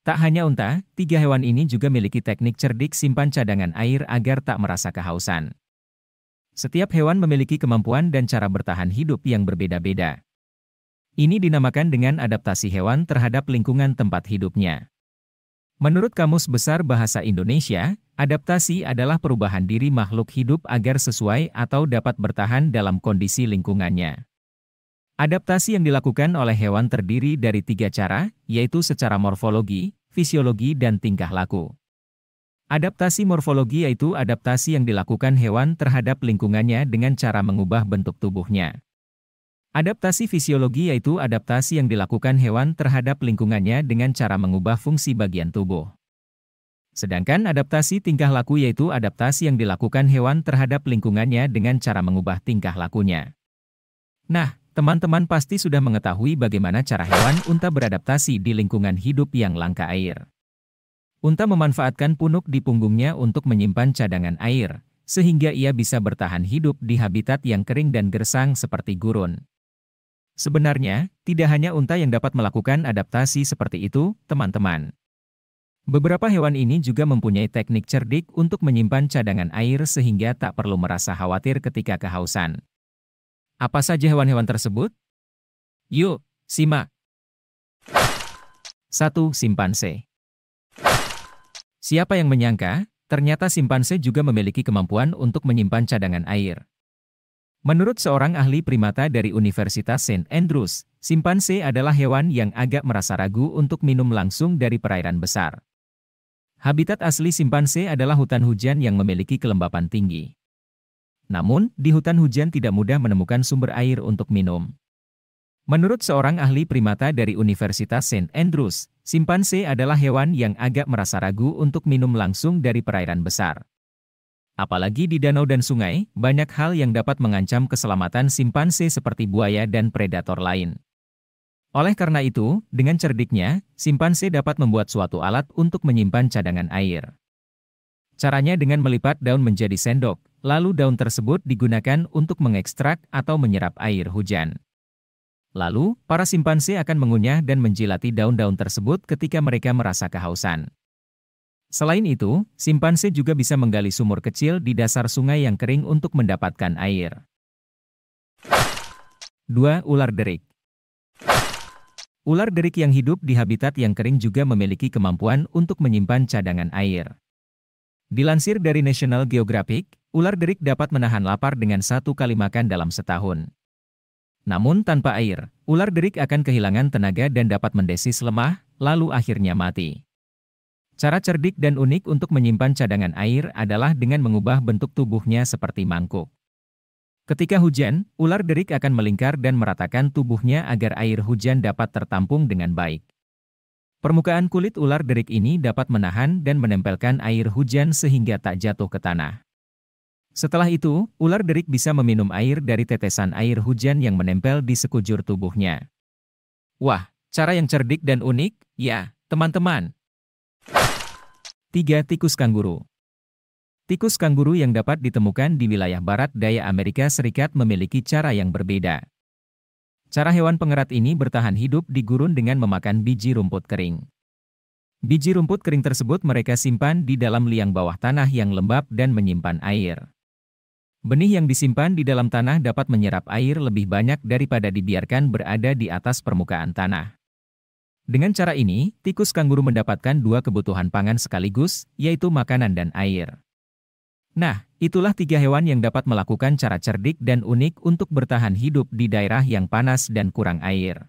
Tak hanya unta, tiga hewan ini juga memiliki teknik cerdik simpan cadangan air agar tak merasa kehausan. Setiap hewan memiliki kemampuan dan cara bertahan hidup yang berbeda-beda. Ini dinamakan dengan adaptasi hewan terhadap lingkungan tempat hidupnya. Menurut Kamus Besar Bahasa Indonesia, adaptasi adalah perubahan diri makhluk hidup agar sesuai atau dapat bertahan dalam kondisi lingkungannya. Adaptasi yang dilakukan oleh hewan terdiri dari tiga cara, yaitu secara morfologi, fisiologi dan tingkah laku. Adaptasi morfologi yaitu adaptasi yang dilakukan hewan terhadap lingkungannya dengan cara mengubah bentuk tubuhnya. Adaptasi fisiologi yaitu adaptasi yang dilakukan hewan terhadap lingkungannya dengan cara mengubah fungsi bagian tubuh. Sedangkan adaptasi tingkah laku yaitu adaptasi yang dilakukan hewan terhadap lingkungannya dengan cara mengubah tingkah lakunya. Nah, Teman-teman pasti sudah mengetahui bagaimana cara hewan unta beradaptasi di lingkungan hidup yang langka air. Unta memanfaatkan punuk di punggungnya untuk menyimpan cadangan air, sehingga ia bisa bertahan hidup di habitat yang kering dan gersang seperti gurun. Sebenarnya, tidak hanya unta yang dapat melakukan adaptasi seperti itu, teman-teman. Beberapa hewan ini juga mempunyai teknik cerdik untuk menyimpan cadangan air sehingga tak perlu merasa khawatir ketika kehausan. Apa saja hewan-hewan tersebut? Yuk, simak. 1. Simpanse Siapa yang menyangka, ternyata simpanse juga memiliki kemampuan untuk menyimpan cadangan air. Menurut seorang ahli primata dari Universitas St. Andrews, simpanse adalah hewan yang agak merasa ragu untuk minum langsung dari perairan besar. Habitat asli simpanse adalah hutan hujan yang memiliki kelembapan tinggi. Namun, di hutan hujan tidak mudah menemukan sumber air untuk minum. Menurut seorang ahli primata dari Universitas St. Andrews, simpanse adalah hewan yang agak merasa ragu untuk minum langsung dari perairan besar. Apalagi di danau dan sungai, banyak hal yang dapat mengancam keselamatan simpanse seperti buaya dan predator lain. Oleh karena itu, dengan cerdiknya, simpanse dapat membuat suatu alat untuk menyimpan cadangan air. Caranya dengan melipat daun menjadi sendok, Lalu daun tersebut digunakan untuk mengekstrak atau menyerap air hujan. Lalu, para simpanse akan mengunyah dan menjilati daun-daun tersebut ketika mereka merasa kehausan. Selain itu, simpanse juga bisa menggali sumur kecil di dasar sungai yang kering untuk mendapatkan air. 2. Ular derik Ular derik yang hidup di habitat yang kering juga memiliki kemampuan untuk menyimpan cadangan air. Dilansir dari National Geographic, Ular derik dapat menahan lapar dengan satu kali makan dalam setahun. Namun tanpa air, ular derik akan kehilangan tenaga dan dapat mendesis lemah, lalu akhirnya mati. Cara cerdik dan unik untuk menyimpan cadangan air adalah dengan mengubah bentuk tubuhnya seperti mangkuk. Ketika hujan, ular derik akan melingkar dan meratakan tubuhnya agar air hujan dapat tertampung dengan baik. Permukaan kulit ular derik ini dapat menahan dan menempelkan air hujan sehingga tak jatuh ke tanah. Setelah itu, ular derik bisa meminum air dari tetesan air hujan yang menempel di sekujur tubuhnya. Wah, cara yang cerdik dan unik, ya, teman-teman. 3. Tikus Kangguru Tikus kangguru yang dapat ditemukan di wilayah barat daya Amerika Serikat memiliki cara yang berbeda. Cara hewan pengerat ini bertahan hidup di gurun dengan memakan biji rumput kering. Biji rumput kering tersebut mereka simpan di dalam liang bawah tanah yang lembab dan menyimpan air. Benih yang disimpan di dalam tanah dapat menyerap air lebih banyak daripada dibiarkan berada di atas permukaan tanah. Dengan cara ini, tikus kanguru mendapatkan dua kebutuhan pangan sekaligus, yaitu makanan dan air. Nah, itulah tiga hewan yang dapat melakukan cara cerdik dan unik untuk bertahan hidup di daerah yang panas dan kurang air.